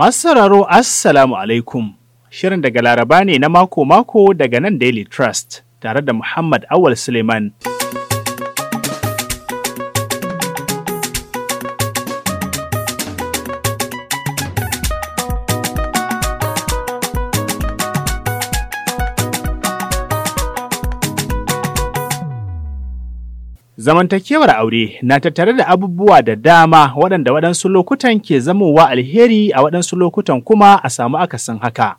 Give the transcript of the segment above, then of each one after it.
Masu sauraro Assalamu alaikum. Shirin daga Laraba ne na mako-mako daga nan Daily Trust tare da Muhammad Awal Suleiman. Zamantakewar aure na tattare da abubuwa da dama waɗanda waɗansu lokutan ke zamowa alheri a waɗansu lokutan kuma a samu akasin haka.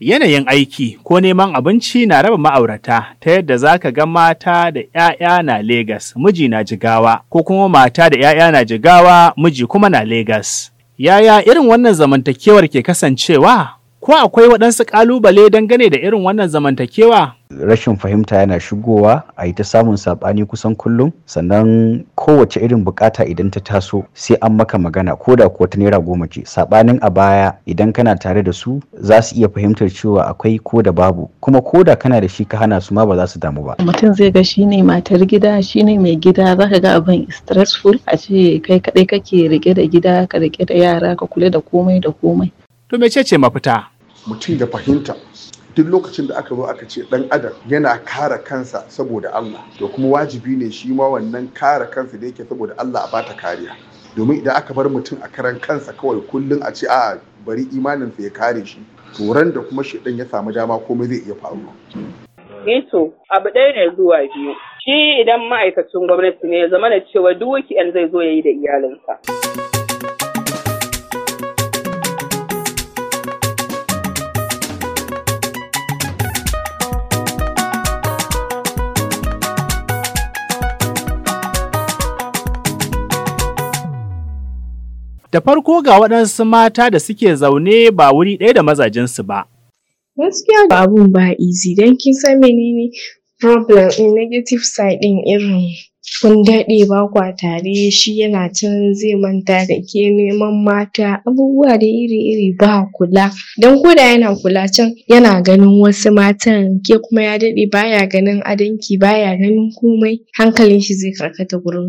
Yanayin aiki ko neman abinci na raba ma'aurata ta yadda za ka ga mata da ‘ya'ya na Legas, miji na jigawa, ko kuma mata da ‘ya'ya na jigawa, miji kuma na Legas. Yaya irin wannan zamantakewar ke kasancewa? Ko akwai waɗansu ƙalubale dangane da irin wannan zamantakewa? Rashin fahimta yana shigowa a yi ta samun saɓani kusan kullum sannan kowace irin bukata idan ta taso sai an maka magana ko da kuwa ta naira goma ce saɓanin a baya idan kana tare da su za su iya fahimtar cewa akwai ko da babu kuma ko da kana da shi ka hana su ma ba za su damu ba. Mutum zai ga shi ne matar gida shi ne mai gida za ka ga abin stressful a ce kai kaɗai kake rike da gida ka rike da yara ka kula da komai da komai To mecece mafita? Mutum da fahimta duk lokacin da aka zo aka ce dan adam yana kare kansa saboda Allah to kuma wajibi ne shi ma wannan kare kansa da yake saboda Allah a bata kariya domin idan aka bar mutum a karan kansa kawai kullum a ce a bari imaninsa ya kare shi turan da kuma shi ya samu dama komai zai iya faruwa Neto, eh abu ɗaya ne zuwa biyu. Shi idan ma'aikacin gwamnati ne ya zama da cewa duk wiki zai zo ya yi da iyalinsa. Da farko ga waɗansu mata da suke zaune ba wuri ɗaya da mazajensu ba. Gaskiya ba abun ba izi don kin san menene problem in negative side ɗin irin kun daɗe ba kwa tare shi yana can zai manta da ke neman mata abubuwa da iri-iri ba kula don koda yana kula can yana ganin wasu matan ke kuma ya daɗe baya ganin adonki baya ganin komai hankalin shi zai karkata gurin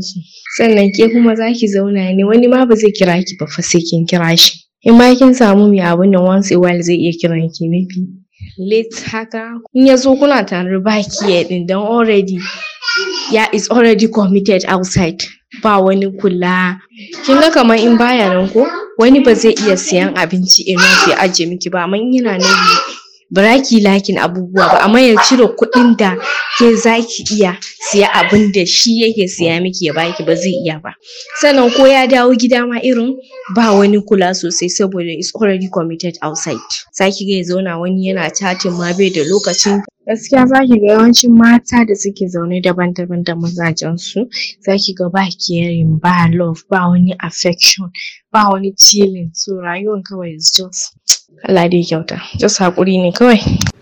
sannan ke kuma zaki zauna ne wani ma ba zai kira ki ba fa sai kin kira shi in ma kin samu mai abun nan once a while zai iya kiran ki maybe late haka in ya zo kuna tare ba kiye ɗin dan already ya is already committed outside ba wani kula kin ga kamar in baya nan wani ba zai iya siyan abinci enough ya ajiye miki ba amma in yana nan bara yi lakin abubuwa ba amma ya cire kuɗin da ke za ki iya siya abin da shi yake siya miki ya baki ba zai iya ba sannan ko ya dawo gida ma irin ba wani kula sosai saboda is already committed outside zaki ga ya zauna wani yana chatting ma bai da lokacin gaskiya za ki ga yawancin mata da suke zaune daban-daban da mazajen su za ki ga ba caring ba love ba wani affection ba wani chilling so rayuwan kawai is just Allah dai kyauta just hakuri ne kawai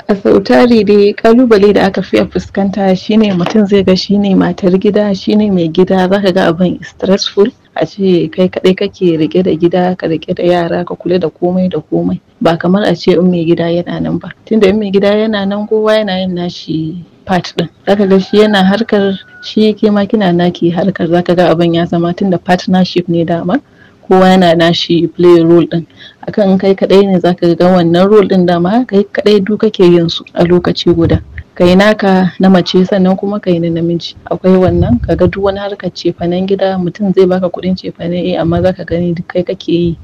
a sautari dai kalubale da aka fi fiya fuskanta shine mutum zai ga shine matar gida shine mai gida zaka ga abin stressful a ce kai kadai kake rike da gida ka rike da yara ka kula da komai da komai ba kamar a ce in mai gida yana nan ba tunda in mai gida yana nan kowa yana yin nashi part din zaka ga shi yana harkar shi ke ma kina naki harkar zaka ga abin ya zama tunda partnership ne dama kowa yana nashi play role din akan in kai kadai ne zaka ga wannan role din dama kai kadai duk kake yin su a lokaci guda kai naka na mace sannan kuma kai na namiji akwai wannan kaga duk wani harkar cefanen gida mutum zai baka kudin cefane eh amma zaka gani duk kai kake yi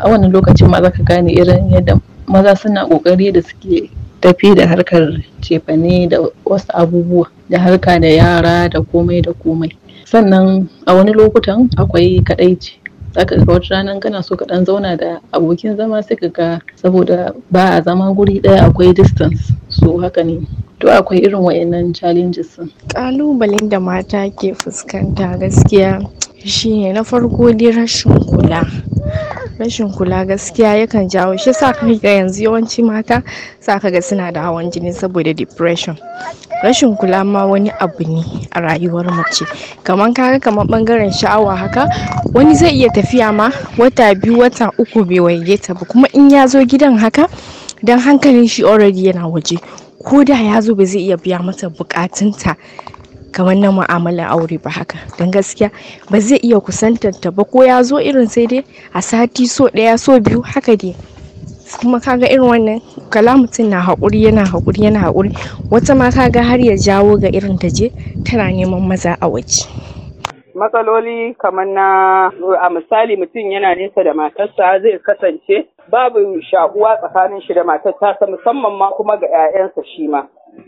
a wannan lokacin ma zaka gane irin yadda maza suna kokari da suke tafi da harkar cefane da wasu abubuwa da harka da yara da komai da komai sannan a wani lokutan akwai kadaici zaka ga wata ranar kana so ka dan zauna da abokin zama sai ka ga saboda ba a zama guri daya akwai distance so haka ne to akwai irin wayannan challenges kalubalen da mata ke fuskanta gaskiya shine na farko dai rashin kula rashin kula gaskiya yakan jawo shi sa ka ga yanzu yawanci mata sa ka ga suna da hawan jini saboda depression rashin kula ma wani abu ne a rayuwar mace kamar kaga kamar bangaren sha'awa haka wani zai iya tafiya ma wata biyu wata uku bai waye ta ba kuma in ya zo gidan haka dan hankalin shi already yana waje ko da ya zo ba zai iya biya mata bukatunta kamar na mu'amalar aure ba haka don gaskiya ba zai iya kusantanta ba ko ya zo irin sai dai a sati so ɗaya so biyu haka dai kuma kaga irin wannan kala mutum na haƙuri yana haƙuri yana haƙuri wata ma kaga har ya jawo ga irin ta je tana neman maza a waje matsaloli kamar na a misali mutum yana nesa da matarsa zai kasance babu shakuwa tsakanin shi da matarsa musamman ma kuma ga 'ya'yansa shi ma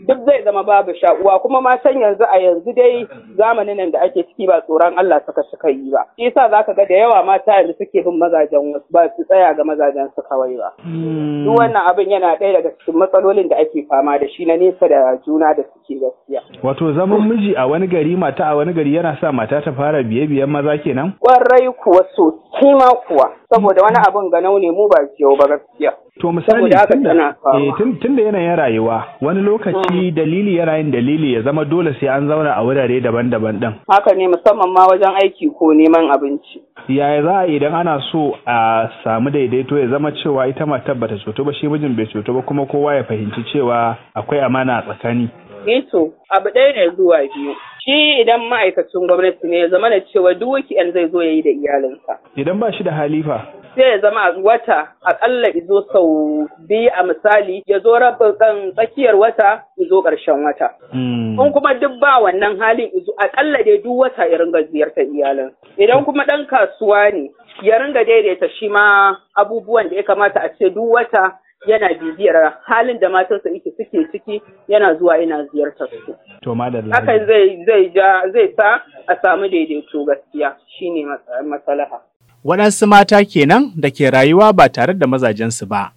duk zai zama babu sha'uwa kuma ma san yanzu a yanzu dai zamanin nan da ake ciki ba tsoron Allah suka suka yi ba shi yasa zaka ga da yawa mata yanzu suke bin mazajen wasu ba su tsaya ga mazajen su kawai ba hmm. duk wannan abin yana ɗaya daga cikin matsalolin da ake fama da shi na nesa da juna da suke gaskiya wato zaman miji a wani gari mata a wani gari yana sa mata ta fara biye biyen maza kenan kwarai kuwa so kima kuwa saboda wani abin ga ne mu ba kyau ba gaskiya to misali eh, tun da yanayin rayuwa wani lokaci mm. dalili yanayin dalili ya zama dole sai an zauna a wurare daban-daban ɗin. haka ne musamman ma wajen aiki ko neman abinci yaya za a idan ana so a samu daidaito ya zama cewa ita ma tabbata cutu ba shi mijin bai cutu ba kuma kowa ya fahimci cewa akwai amana a tsakani Nito, eh abu ɗaya ne zuwa biyu. Shi idan ma'aikacin gwamnati ne ya zama da cewa duk zai zo ya yi da iyalinsa. Idan ba shi da halifa. Sai ya zama a wata aƙalla izo sau biyu a misali ya zo rabin kan tsakiyar wata izo ƙarshen wata. Hmm. In kuma duk ba wannan halin izo akalla dai duk wata ya ringa ziyartar iyalin. Idan kuma ɗan kasuwa ne ya ringa daidaita shi ma abubuwan da ya kamata a ce duk wata yana bibiyar halin da matarsa ita suke ciki yana zuwa yana ziyartar su. To Hakan zai zai ja zai sa a samu daidaito gaskiya shine masalaha Waɗansu mata kenan da ke rayuwa ba tare da mazajensu ba,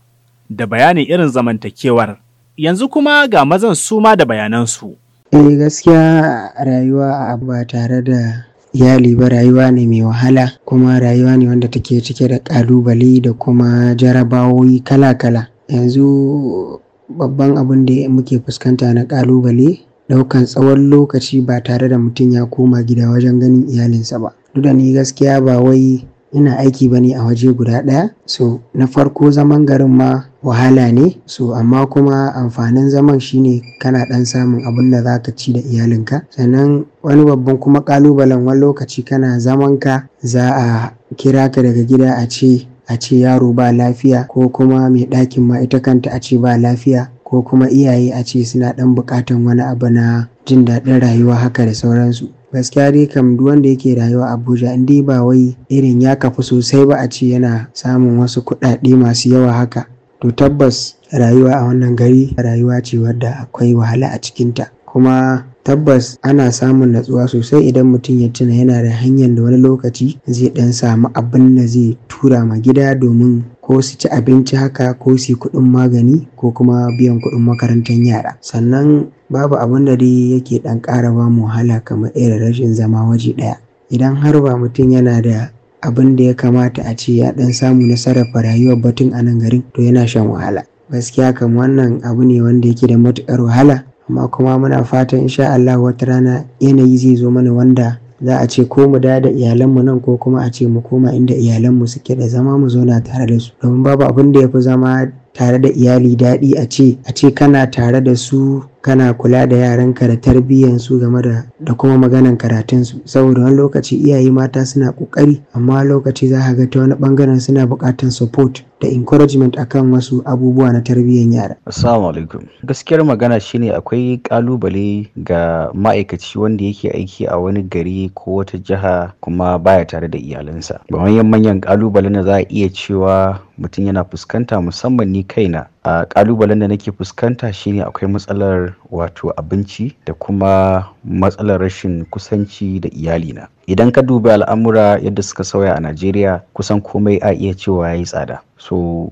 da bayanin irin zamantakewar. Yanzu kuma ga mazan su ma da bayanansu. Eh gaskiya rayuwa a ba tare da iyali ba rayuwa ne mai wahala kuma rayuwa ne wanda take cike da ƙalubale da kuma jarabawoyi kala-kala Yanzu babban abin da muke fuskanta na ƙalubale ɗaukan tsawon lokaci ba tare da mutum ya koma gida wajen ganin iyalinsa ba. Duk da ni gaskiya ba wai ina aiki ba ne a waje guda ɗaya. So na farko zaman garin ma wahala ne so amma kuma amfanin zaman shine kana ɗan samun abin da za ka ci da iyalinka. Sannan wani babban kuma ƙalubalen wani lokaci kana zamanka za a kira ka daga gida a ce a ce yaro ba lafiya ko kuma mai ɗakin ma ita kanta a ce ba lafiya ko kuma iyaye a ce suna ɗan buƙatan wani abu na jin daɗin rayuwa haka da sauransu. gaskiya dai kam duk wanda yake rayuwa abuja in dai ba wai irin ya kafu sosai ba a ce yana samun wasu kuɗaɗe masu yawa haka to tabbas rayuwa a wannan gari rayuwa ce wadda akwai wahala a cikinta kuma tabbas ana samun natsuwa sosai idan mutum ya tuna yana da hanyar da wani lokaci zai ɗan samu abin da zai tura ma gida domin ko su ci abinci haka ko su kuɗin magani ko kuma biyan kuɗin makarantar yara. Sannan babu abin da dai yake dan ƙara ba mu wahala kamar irin rashin zama waje ɗaya. Idan har ba mutum yana da abin da ya kamata a ce ya ɗan samu nasarar sarrafa rayuwar batun a nan garin to yana shan wahala. Gaskiya kam wannan abu ne wanda yake da matuƙar wahala. amma kuma muna fatan insha Allah wata rana yanayi zai zo mana wanda za a ce ko mu dada da iyalanmu nan ko kuma a ce mu koma inda iyalanmu suke da zama mu zauna tare da su domin babu abin da ya fi zama tare da iyali daɗi a ce a ce kana tare da su kana kula da yaranka da tarbiyyansu game da da kuma maganan karatunsu saboda wani lokaci iyaye mata suna ƙoƙari amma lokaci za ka ga ta wani bangaren suna buƙatar support da encouragement akan wasu abubuwa na tarbiyyan yara. Assalamu alaikum. Gaskiyar magana shine akwai kalubale ga ma'aikaci wanda yake aiki a wani gari ko wata jiha kuma baya tare da iyalansa. Ba manyan manyan kalubalen da za a iya cewa mutum yana fuskanta musamman ni kaina a kalubalen da nake fuskanta shine akwai matsalar wato abinci da kuma matsalar rashin kusanci da iyali na. idan ka dubi al'amura yadda suka sauya a najeriya kusan komai a iya cewa ya yi tsada so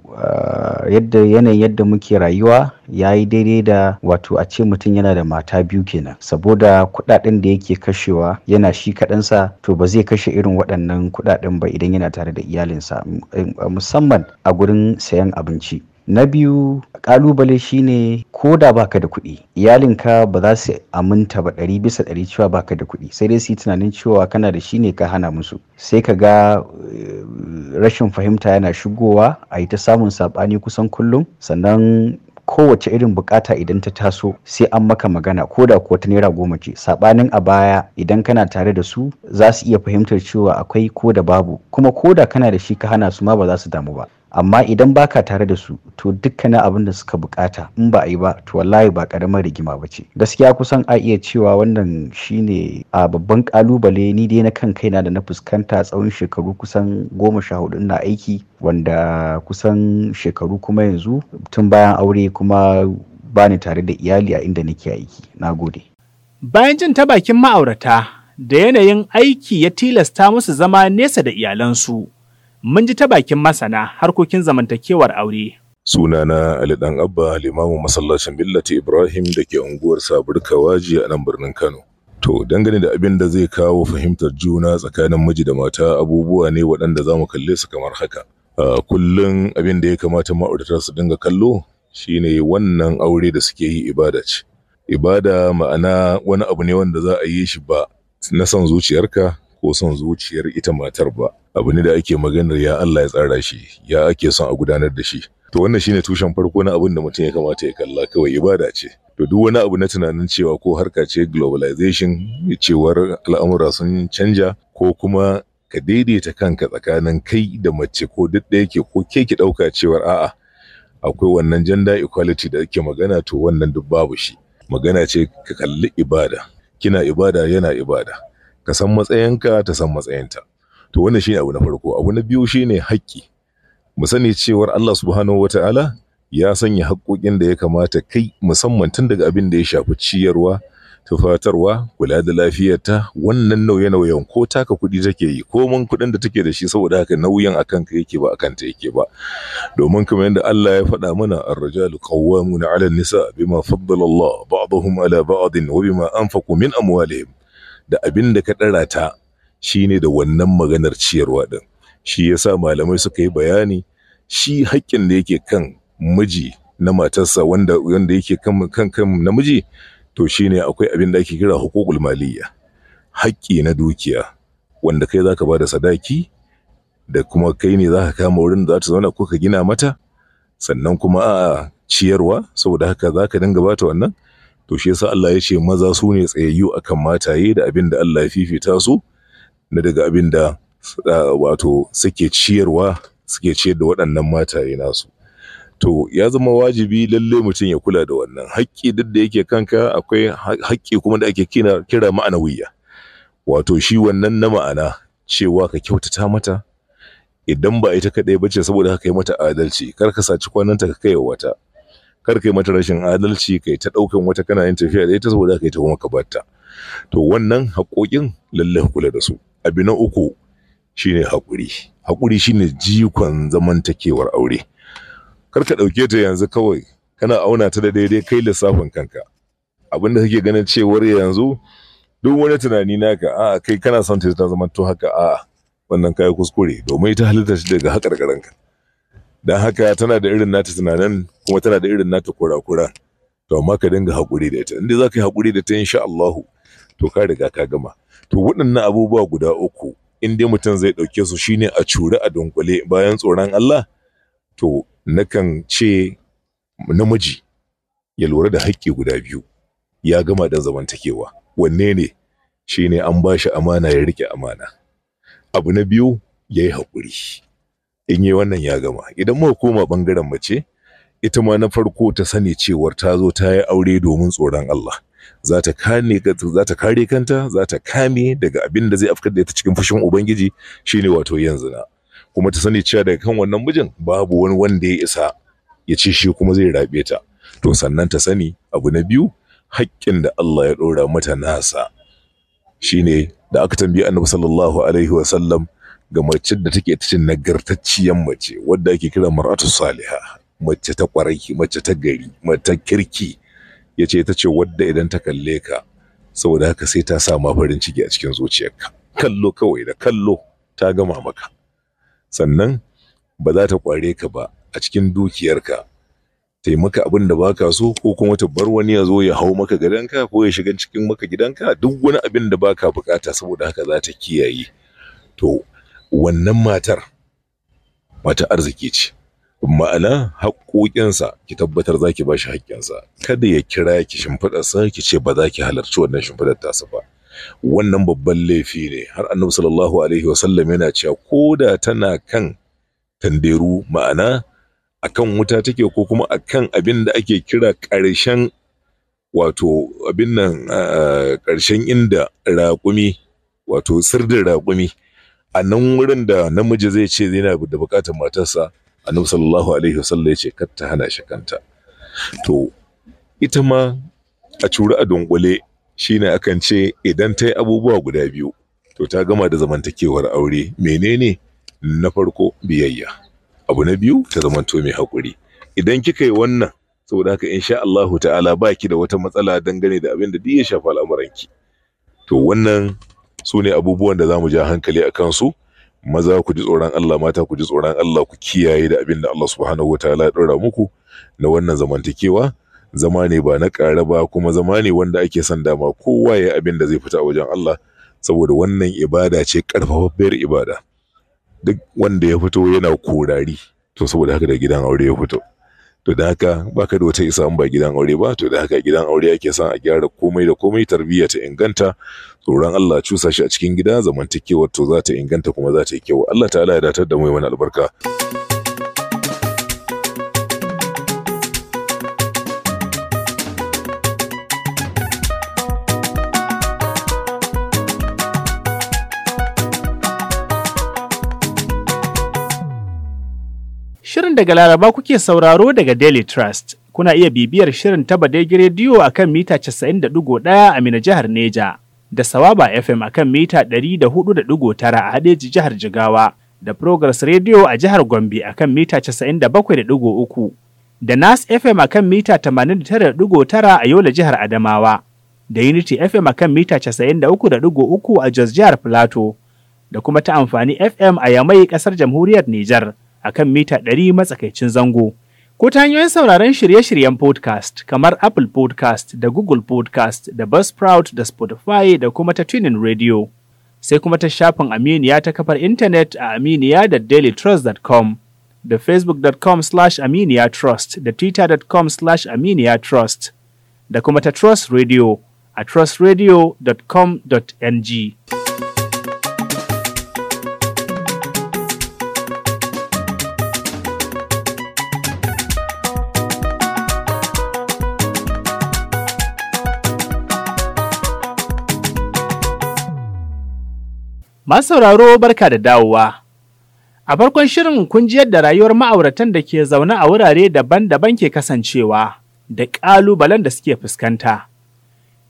yadda yanayin yadda muke rayuwa ya yi daidai da wato a ce mutum yana da mata biyu kenan saboda kudaden da yake kashewa yana shi kadansa to ba zai kashe irin waɗannan kudaden ba idan yana tare da iyalinsa musamman a gurin sayan abinci na biyu kalubale shine ko da baka da kuɗi iyalinka ba za su aminta ba ɗari bisa ɗari cewa baka da kuɗi sai dai su yi tunanin cewa kana da shi ne ka hana musu sai ka ga eh, rashin fahimta yana shigowa a yi ta samun saɓani kusan kullum sannan kowace irin bukata idan ta taso sai an maka magana ko da kuwa ta naira goma ce Saɓanin a baya idan kana tare da su za su iya fahimtar cewa akwai ko da babu kuma ko da kana da shi ka hana su ma ba za su damu ba amma idan baka tare da su to dukkanin abin da suka bukata in ba a yi ba to wallahi ba karamar rigima ba ce gaskiya kusan a iya cewa wannan shine a babban kalubale ni dai na kan kaina da na fuskanta tsawon shekaru kusan goma sha hudu na aiki wanda kusan shekaru kuma yanzu tun bayan aure kuma bani tare da iyali a inda nake aiki na gode bayan jin ta bakin ma'aurata da yanayin aiki ya tilasta musu zama nesa da iyalansu Mun ji ta bakin masana harkokin zamantakewar aure. Sunana Ali Dan Abba limamin masallacin Millati Ibrahim da ke unguwar Sabur Kawaji a nan birnin Kano. To dangane da abin da zai kawo fahimtar juna tsakanin miji da mata abubuwa ne waɗanda za mu kalle su kamar haka. Kullum abin da ya kamata ma'aurata su dinga kallo shine wannan aure da suke yi ibada ce. Ibada ma'ana wani abu ne wanda za a yi shi ba na son zuciyarka ko son zuciyar ita matar ba abu ne da ake maganar ya Allah ya tsara shi ya ake son a gudanar da shi to wannan shine tushen farko na abin da mutum ya kamata ya kalla kawai ibada ce to duk wani abu na tunanin cewa ko harka ce globalization cewar al'amura sun canja ko kuma ka daidaita kanka tsakanin kai da mace ko duk da yake ko ke ki ɗauka cewar a'a akwai wannan gender equality da ake magana to wannan duk babu shi magana ce ka kalli ibada kina ibada yana ibada ka san matsayinka ta san matsayinta to wannan shine abu na farko abu na biyu shine haƙƙi mu sani cewar Allah subhanahu wataala ya sanya haƙƙoƙin da ya kamata kai musamman tun daga abin da ya shafi ciyarwa tufatarwa kula da lafiyarta wannan nauye nauyen ko taka kuɗi take yi ko mun kuɗin da take da shi saboda haka nauyin akan ka yake ba akan ta yake ba domin kuma yadda Allah ya faɗa mana ar-rijalu qawwamuna 'ala an-nisa bima faddala Allah ba'dahum 'ala ba'd wa bima anfaqu min amwalihim da abin da ka ɗara ta shine da wannan maganar ciyarwa ɗin shi yasa malamai suka yi bayani shi haƙƙin da yake kan miji na matarsa wanda wanda yake kan kan namiji to shine akwai abin da ake kira hukukul maliyya haƙƙi na dukiya wanda kai zaka bada sadaki da kuma kai ne zaka kama wurin da za ta zauna ko ka gina mata sannan kuma a ciyarwa saboda haka zaka dinga bata wannan to shi yasa Allah ya ce maza su ne tsayayyu akan mataye da abin da Allah ya fifita su na daga abin da wato suke ciyarwa suke ciyar da waɗannan mataye nasu to ya zama wajibi lalle mutum ya kula da wannan haƙƙi duk da yake kanka akwai haƙƙi kuma da ake kira, kira ma'anawiya wato shi wannan na ma'ana cewa ka kyautata mata idan ba ita kaɗai ba ce saboda haka yi mata adalci kar ka saci kwananta ka kai wata kar kai mata rashin adalci kai ta ɗaukan wata kana yin tafiya da ita saboda kai ta kuma ka batta to wannan haƙoƙin lalle kula da su abu na uku shine haƙuri haƙuri shine jikon zamantakewar aure kar ka ɗauke ta yanzu kawai kana auna ta da daidai kai lissafin kanka abin da kake ganin cewar yanzu duk wani tunani naka a kai kana son ta zama to haka a wannan kayan kuskure domin ita halitta shi daga haƙarƙaranka don haka tana da irin nata tunanin kuma tana da irin nata kura-kura to amma ka dinga haƙuri da ita inda za ka yi hakuri da ta insha Allahu to ka riga ka gama to waɗannan abubuwa guda uku in dai mutum zai ɗauke su shine a cure a dunkule bayan tsoron Allah to nakan ce namiji ya lura da haƙƙi guda biyu ya gama da zamantakewa wanne ne shine an ba shi amana ya riƙe amana abu na biyu ya yi haƙuri in yi wannan ya gama idan muka koma bangaren mace ita ma na farko ta sani cewar ta zo ta yi aure domin tsoron Allah za ta kare kanta za ta kame daga abin da zai afkar da ita cikin fushin ubangiji shine wato yanzu na kuma ta sani cewa daga kan wannan mijin babu wani wanda ya isa ya ce shi kuma zai rabe ta to sannan ta sani abu na biyu haƙƙin da Allah ya ɗora mata nasa shine da aka tambayi annabi sallallahu alaihi wa sallam ga mace da take ta ce nagartacciyar mace wadda ake kira mar'atu saliha mace ta kwarai mace ta gari mace ta kirki yace ce ce wadda idan ta kalle ka saboda haka sai ta sa ma farin ciki a cikin zuciyarka kallo kawai da kallo ta gama maka sannan ba za ta kware ka ba a cikin dukiyarka taimaka maka abin da baka so ko kuma ta bar wani ya zo ya hau maka gidanka ko ya shiga cikin maka gidanka duk wani abin da baka bukata saboda haka za ta kiyaye to wannan matar mata arziki ce ma'ana haƙoƙinsa ki tabbatar zaki ki ba shi haƙƙinsa kada ya kira ki shimfiɗarsa ki ce ba za ki halarci wannan shimfiɗar tasa ba wannan babban laifi ne har annabi sallallahu alaihi wasallam yana cewa ko da tana kan tanderu ma'ana akan wuta take ko kuma akan abin da ake kira ƙarshen wato abin nan ƙarshen inda raƙumi wato sirdin raƙumi a nan wurin da namiji zai ce yana da bukatar matarsa a nan sallallahu alaihi wasallam ya ce kar ta hana shi kanta to ita ma a curi a dunkule shine akan ce idan ta yi abubuwa guda biyu to ta gama da zamantakewar aure menene na farko biyayya abu na biyu ta zamanto mai haƙuri idan kika yi wannan saboda haka insha Allah ta'ala baki da wata matsala dangane da abin da duk ya shafi al'amuranki to wannan su ne abubuwan da za mu ja hankali a kansu maza ku ji tsoron Allah mata ku ji tsoron Allah ku kiyaye da abin da Allah subhanahu wa ta'ala dora muku na wannan zamantakewa zama ne ba na ƙara ba kuma zama ne wanda ake son dama kowa ya abin da zai fita wajen Allah saboda wannan ibada ce ƙarfafaffiyar ibada duk wanda ya fito yana korari to saboda haka da gidan aure ya fito to da haka baka da wata isa in ba gidan aure ba to da haka gidan aure ake son a gyara komai da komai tarbiyya ta inganta tsoron Allah cusa shi a cikin gida zamantakewar to za ta inganta kuma za ta yi kyau Allah ta'ala ya datar da mu wani albarka Shirin daga Laraba kuke sauraro daga Daily Trust. Kuna iya bibiyar shirin ta Badegi Radio a kan mita 91.1 a Mina jihar Neja, da Sawaba FM a kan mita 104.9 a Hadeji jihar Jigawa, da Progress Radio a jihar Gombe a kan mita 97.3, da Nas FM a kan mita 89.9 a Yola jihar Adamawa, da Unity FM a kan mita 93.3 a Jos jihar Plateau, da kuma ta amfani FM a Yamai kasar jamhuriyar Nijar. a kan mita ɗari matsakaicin zango. Ko ta hanyoyin sauraron shirye-shiryen podcast kamar Apple podcast da Google podcast da Buzzsprout da Spotify da kuma ta Tunin Radio. Sai kuma ta shafin Aminiya ta kafar intanet a aminiya da dailytrust.com da facebook.com slash aminiya trust da twitter.com slash aminiya trust da kuma ta Trust Radio a trustradio.com.ng. Masu sauraro barka da dawowa. A farkon shirin kun ji yadda rayuwar ma'auratan da ke zaune a wurare daban-daban ke kasancewa da ƙalubalen da suke fuskanta.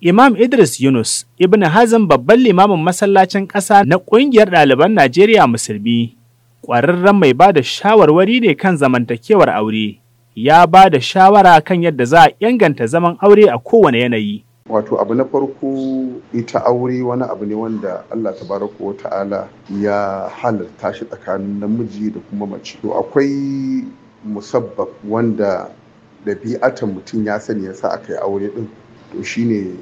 Imam Idris Yunus, Ibn Hazm babban limamin masallacin ƙasa na ƙungiyar ɗaliban Najeriya Musulmi, ƙwararren mai ba da shawarwari ne kan zamantakewar aure, ya ba da shawara kan yadda za a inganta zaman aure a kowane yanayi. Wato abu na farko ita aure wani abu ne wanda Allah tabaraka wa ta'ala ya halarta shi tsakanin namiji da kuma mace. To akwai musabbab wanda ɗabi'atan mutum ya sani ya sa aka yi aure ɗin to shine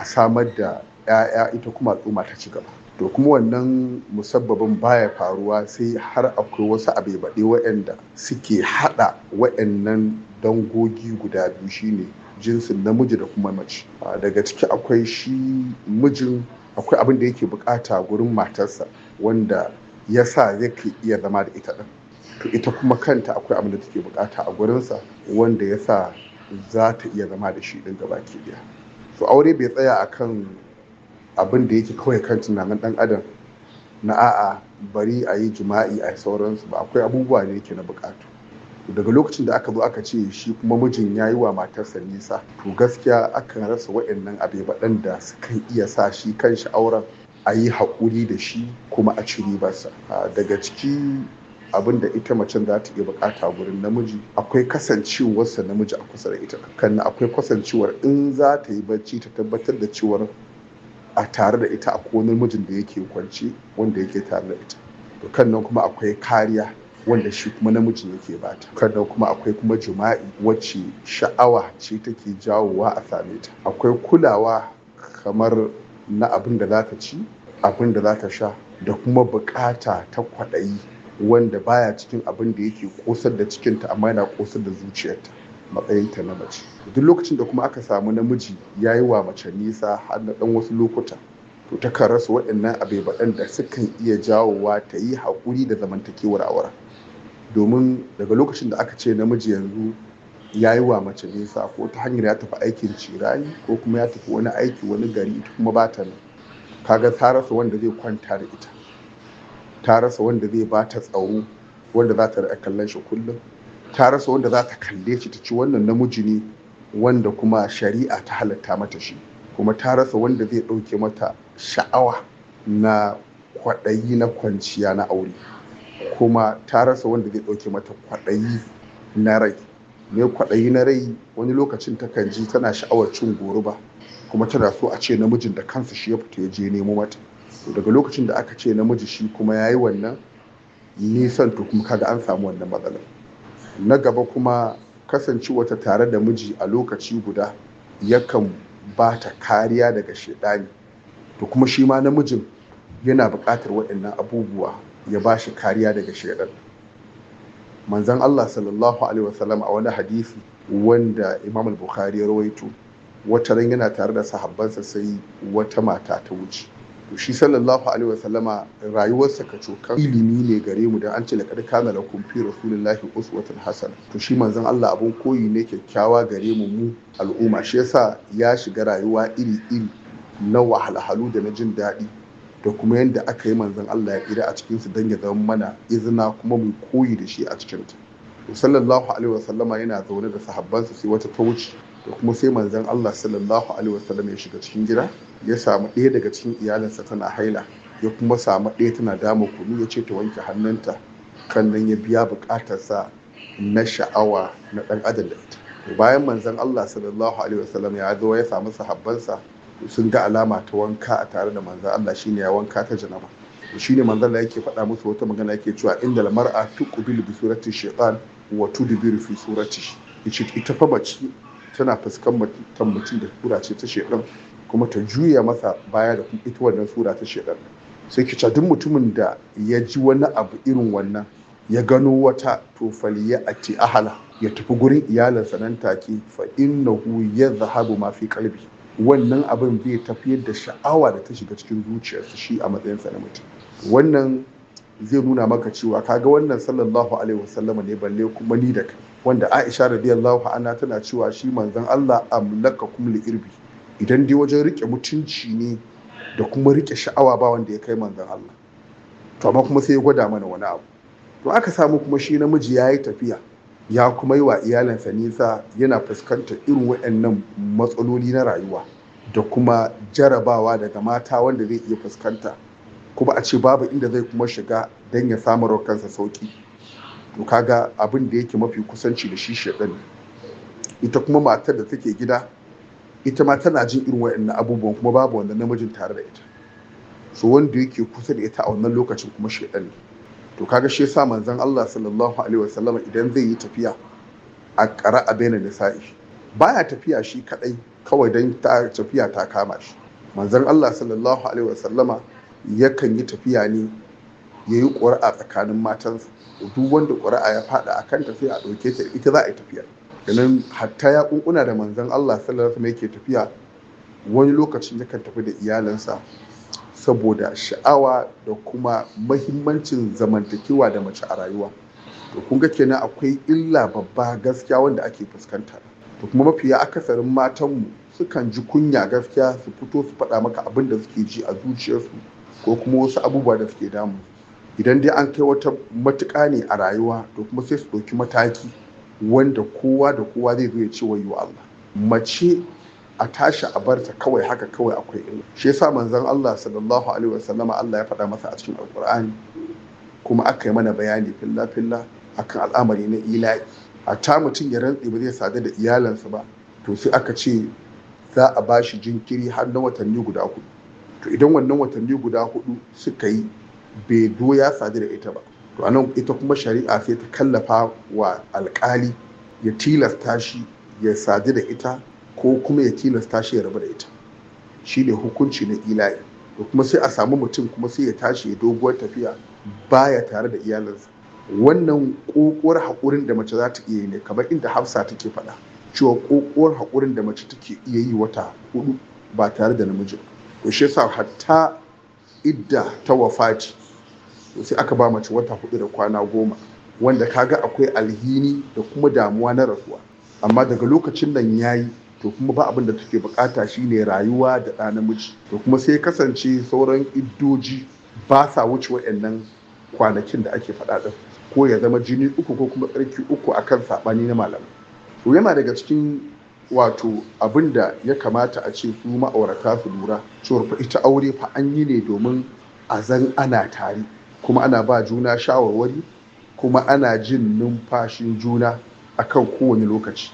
a samar da 'ya'ya ita kuma al'umma ta ci gaba. To kuma wannan musabbabin baya faruwa sai har akwai wasu abebaɗe waɗanda suke haɗa waɗannan dangogi guda biyu shine jinsin namiji da kuma mace daga ciki akwai shi mijin akwai abin da yake bukata gurin matarsa wanda ya sa zai iya zama da ita ɗin to ita kuma kanta akwai abin da take bukata a gurinsa wanda ya sa za ta iya zama da shi ɗin gaba ke biya. so aure bai tsaya a kan abin da yake kawai kan tunanin ɗan adam na a'a bari a yi jima'i a sauransu ba akwai abubuwa da yake na bukatu daga lokacin da aka zo aka ce shi kuma mijin ya yi wa matarsa nisa to gaskiya akan rasa wa'annan abebaɗan da sukan iya sa shi kan auren a yi haƙuri da shi kuma a ci ribarsa daga ciki abin da ita macen za ta iya bukata wurin namiji akwai kasancewarsa namiji a kusa da ita kan akwai kasancewar in za ta yi bacci ta tabbatar da cewar a tare da ita akwai wani mijin da yake kwanci wanda yake tare da ita kan nan kuma akwai kariya wanda shi kuma namiji yake bata kada kuma akwai kuma jima'i wacce sha'awa ce take jawowa a same ta akwai kulawa kamar na abin da zaka ci abin da zaka sha da kuma bukata ta kwaɗayi wanda baya cikin abin da yake kosar da cikinta amma yana kosar da zuciyarta matsayin ta na mace duk lokacin da kuma aka samu namiji ya yi wa mace nisa har na ɗan wasu lokuta to ta rasa waɗannan abai da sukan iya jawowa ta yi haƙuri da zamantakewar aure domin daga lokacin da aka ce namiji yanzu ya yi wa mace nisa ko ta hanyar ya tafi aikin cirayi ko kuma ya tafi wani aiki wani gari ita kuma ba ta nan kaga ta rasa wanda zai kwanta da ita ta rasa wanda zai ba ta tsaro wanda za ta riƙa kallon shi kullum ta rasa wanda za ta kalle shi ta ci wannan namiji ne wanda kuma shari'a ta halatta mata shi kuma ta rasa wanda zai ɗauke mata sha'awa na kwaɗayi na kwanciya na aure kuma ta rasa wanda zai ɗauke mata kwaɗayi na rai me kwaɗayi na rai wani lokacin takan ji tana sha'awar cin goruba kuma tana so a ce namijin da kansa shi ya fita ya je nemo mata daga lokacin da aka ce namiji shi kuma ya yi wannan nisan to kuma kaga an samu wannan matsalar na gaba kuma kasance wata tare da miji a lokaci guda yakan ba ta kariya daga shaidani to kuma shi ma namijin yana buƙatar waɗannan abubuwa ya ba shi kariya daga shaidan manzan Allah sallallahu alaihi wasallam a wani hadisi wanda Imam al-Bukhari ya rawaito wata ran yana tare da sahabbansa sai wata mata ta wuce to shi sallallahu alaihi wasallama rayuwarsa ka cokan ilimi ne gare mu da an ce laqad kana lakum fi rasulillahi uswatun hasana to shi manzon Allah abun koyi ne kyakkyawa gare mu mu al'umma shi yasa ya shiga rayuwa iri iri na wahalhalu da na jin daɗi da kuma yadda aka yi manzan Allah ya tsira a cikinsu don ya zama mana izina kuma mu koyi da shi a cikinta. sallallahu alaihi wasallama yana zaune da sahabbansa sai wata ta wuce da kuma sai manzon Allah sallallahu alaihi wasallama ya shiga cikin gida ya samu ɗaya daga cikin iyalinsa tana haila ya kuma samu ɗaya tana dama kunu ya ce ta wanke hannunta kan ya biya buƙatarsa na sha'awa na ɗan adam da ita bayan manzon Allah sallallahu alaihi wasallam ya zo ya samu sahabbansa sun ga alama ta wanka a tare da manza. Allah shine ya wanka ta janaba shine manzo Allah yake faɗa musu wata magana yake cewa inda mar'a tuqbil bi surati shaytan wa tudbir fi surati ita fa mace tana fuskan mutum da sura ce ta shaytan kuma ta juya masa baya da ita wannan sura ta shaytan sai ki duk mutumin da ya ji wani abu irin wannan ya gano wata to faliya a ahala ya tafi gurin iyalinsa nan take fa innahu yadhhabu ma fi qalbi wannan abin bai tafiyar da sha'awa da ta shiga cikin zuciyarsa shi a matsayinsa na mutum wannan zai nuna maka cewa kaga wannan sallallahu alaihi wasallam ne balle kuma ni da wanda Aisha radiyallahu anha tana cewa shi manzon Allah kum li irbi idan dai wajen rike mutunci ne da kuma rike sha'awa ba wanda ya kai manzon Allah to amma kuma sai ya gwada mana wani abu to aka samu kuma shi namiji yayi tafiya ya kuma yi wa iyalinsa nisa yana fuskantar irin waɗannan matsaloli na rayuwa da kuma jarabawa daga mata wanda zai iya fuskanta kuma a ce babu inda zai kuma shiga don ya samu kansa sauki to kaga abin da yake mafi kusanci da shi shaɗan ita kuma matar da take gida ita ma tana jin irin waɗannan abubuwan kuma babu wanda namijin tare da ita so wanda yake kusa da ita a wannan lokacin kuma shaɗan ne to kaga shi yasa manzon Allah sallallahu alaihi wasallam idan zai yi tafiya a ƙara a baina nisa'i baya tafiya shi kadai kawai dan tafiya ta kama shi manzon Allah sallallahu alaihi wasallama yakan yi tafiya ne yayi ƙura'a tsakanin matansa duk wanda ƙura'a ya faɗa a kan sai a ɗauke ta ita za a yi tafiya ganin hatta ya kunkuna da manzon Allah sallallahu alaihi wasallam yake tafiya wani lokacin yakan tafi da iyalansa saboda sha'awa da kuma mahimmancin zamantakewa da mace a rayuwa to kun ga kenan akwai illa babba gaskiya wanda ake fuskanta to kuma mafiya akasarin matanmu sukan ji kunya gaskiya su fito su faɗa maka abin da suke ji a zuciyarsu ko kuma wasu abubuwa da suke damu idan dai an kai wata matuƙa ne a rayuwa to kuma sai su ɗauki mataki wanda kowa da kowa zai zo ya ce wayo Allah mace a tashi a bar kawai haka kawai akwai illa shi yasa manzon Allah sallallahu alaihi wasallama Allah ya faɗa masa a cikin alqur'ani kuma aka yi mana bayani filla filla akan al'amari na ila'i ta mutum ya rantse ba zai sadu da iyalansa ba to sai aka ce za a ba shi jinkiri har na watanni guda hudu to idan wannan watanni guda hudu suka yi bai doya sadu da ita ba to anan ita kuma shari'a sai ta kallafa wa alkali ya tilasta shi ya sadu da ita ko kuma ya tilasta shi ya rabu da ita Shi ne hukunci na ila'i da kuma sai a samu mutum kuma sai ya tashi ya doguwar tafiya baya tare da iyalinsa wannan kokowar haƙurin da mace za ta iya yi ne kamar inda hafsa take faɗa cewa kokowar haƙurin da mace take iya yi wata hudu ba tare da namiji to shi yasa hatta idda ta wafaci to sai aka ba mace wata hudu da kwana goma wanda kaga akwai alhini da kuma damuwa na rasuwa amma daga lokacin nan yayi to kuma ba abin da take bukata shine rayuwa da ɗa namiji to kuma sai kasance sauran iddoji ba sa wuce wa'annan kwanakin da ake faɗa ɗin ko ya zama jini uku ko kuma tsarki uku akan saɓani na malamai to yana daga cikin wato abin da ya kamata a ce su ma'aurata su lura cewar fa ita aure fa an yi ne domin a zan ana tare kuma ana ba juna shawarwari kuma ana jin numfashin juna akan kowane lokaci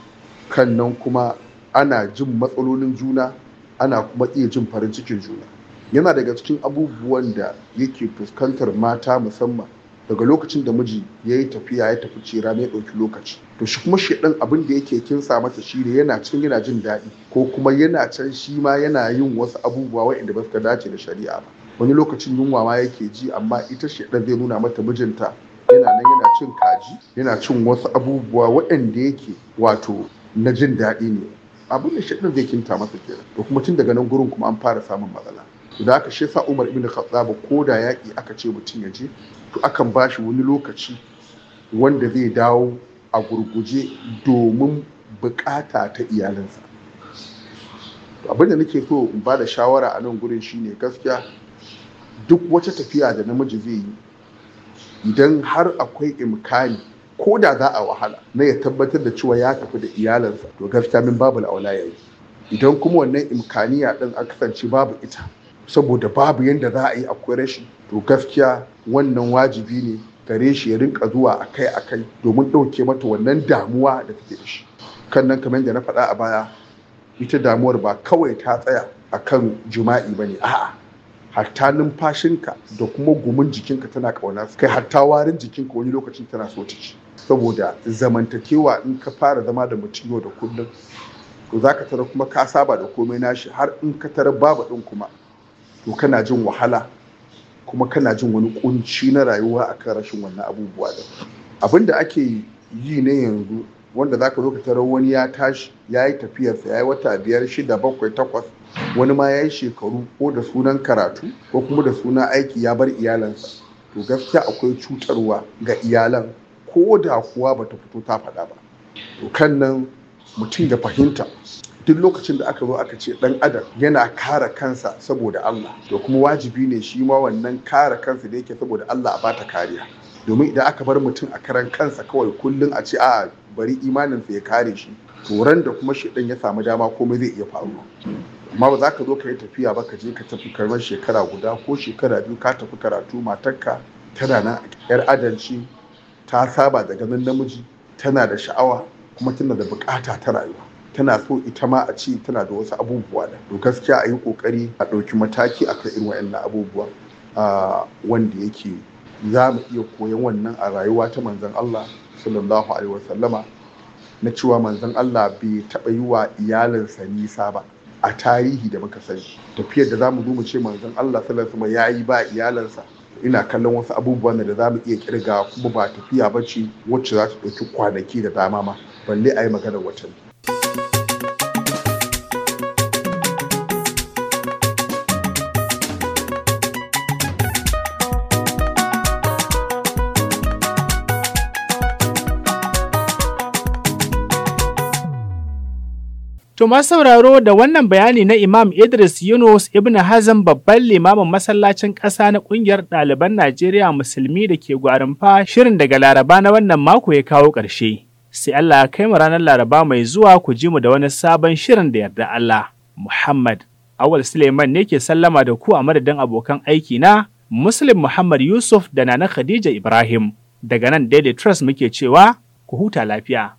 kan nan kuma ana jin matsalolin juna ana kuma iya jin farin cikin juna yana daga cikin abubuwan da yake fuskantar mata musamman daga lokacin da miji ya yi tafiya ya tafi cera ya ɗauki lokaci to shi kuma shi ɗan abin da yake kinsa masa shi ne yana can yana jin daɗi ko kuma yana can shi ma yana yin wasu abubuwa waɗanda ba su dace da shari'a ba wani lokacin yunwa ma yake ji amma ita shi ɗan zai nuna mata mijinta yana nan yana cin kaji yana cin wasu abubuwa waɗanda yake wato na jin daɗi ne abin da shaɗin zai kinta masa kenan to kuma tun daga nan gurin kuma an fara samun matsala to da aka shi yasa Umar ibn Khattab ko da yaƙi aka ce mutum ya je to akan ba shi wani lokaci wanda zai dawo a gurguje domin bukata ta iyalinsa abin da nake so in ba da shawara a nan gurin shine gaskiya duk wata tafiya da namiji zai yi idan har akwai imkani ko da za a wahala na ya tabbatar da cewa ya tafi da iyalansa to gaskiya min babu aula yayi idan kuma wannan imkaniya din a kasance babu ita saboda babu yadda za a yi akwai rashi to gaskiya wannan wajibi ne gare shi ya rinka zuwa akai-akai domin ɗauke mata wannan damuwa da take da shi kan nan kamar yadda na faɗa a baya ita damuwar ba kawai ta tsaya akan jima'i bane a'a hatta numfashinka da kuma gumin jikinka tana ƙauna kai hatta warin jikinka wani lokacin tana so ta ci saboda zamantakewa in ka fara zama da mutum yau da kullum to za ka tara kuma ka saba da komai nashi har in ka tara babu ɗin kuma to kana jin wahala kuma kana jin wani kunci na rayuwa akan rashin wannan abubuwa da abin da ake yi ne yanzu wanda za ka zo ka tara wani ya tashi ya yi tafiyarsa ya yi wata biyar shida bakwai takwas wani ma ya yi shekaru ko da sunan karatu ko kuma da sunan aiki ya bar iyalansa to gaskiya akwai cutarwa ga iyalan ko da kuwa bata fito ta faɗa ba kan nan mutum da fahimta duk lokacin da aka zo aka ce ɗan adam yana kare kansa saboda Allah Da kuma wajibi ne shi ma wannan kare kansa da yake saboda Allah a bata kariya domin idan aka bar mutum a karan kansa kawai kullum a ce a bari imaninsa ya kare shi turan da kuma shi ya samu dama komai zai iya faruwa amma ba za ka zo ka yi tafiya ba ka je ka tafi karamar shekara guda ko shekara biyu ka tafi karatu matarka tana nan yar adalci ta saba da ganin namiji tana da sha'awa kuma tana da bukata ta rayuwa tana so ita ma a ce tana da wasu abubuwa da to gaskiya a yi kokari a ɗauki mataki a kan irin wa'annan abubuwa wanda yake za mu iya koyan wannan a rayuwa ta manzon Allah sallallahu alaihi wasallama na cewa manzon Allah bai taɓa yi wa iyalinsa nisa ba a tarihi da muka sani tafiyar da za mu zo mu ce manzon Allah sallallahu alaihi wasallama ya yi ba iyalinsa. ina kallon wasu abubuwan da za mu iya kirga kuma ba tafiya ba ce wacce za ta ɗauki kwanaki da dama ma balle a yi maganar watanni. To masu sauraro da wannan bayani na Imam Idris Yunus Ibn Hazm babban limamin masallacin ƙasa na ƙungiyar ɗaliban Najeriya Musulmi da ke gwarinfa shirin daga Laraba na wannan mako ya kawo ƙarshe. Sai Allah kai mu ranar Laraba mai zuwa ku ji mu da wani sabon shirin da yarda Allah. Muhammad Awal Suleiman ne ke sallama da ku a madadin abokan aiki na Muslim Muhammad Yusuf da Nana Khadija Ibrahim. Daga nan Daily Trust muke cewa ku huta lafiya.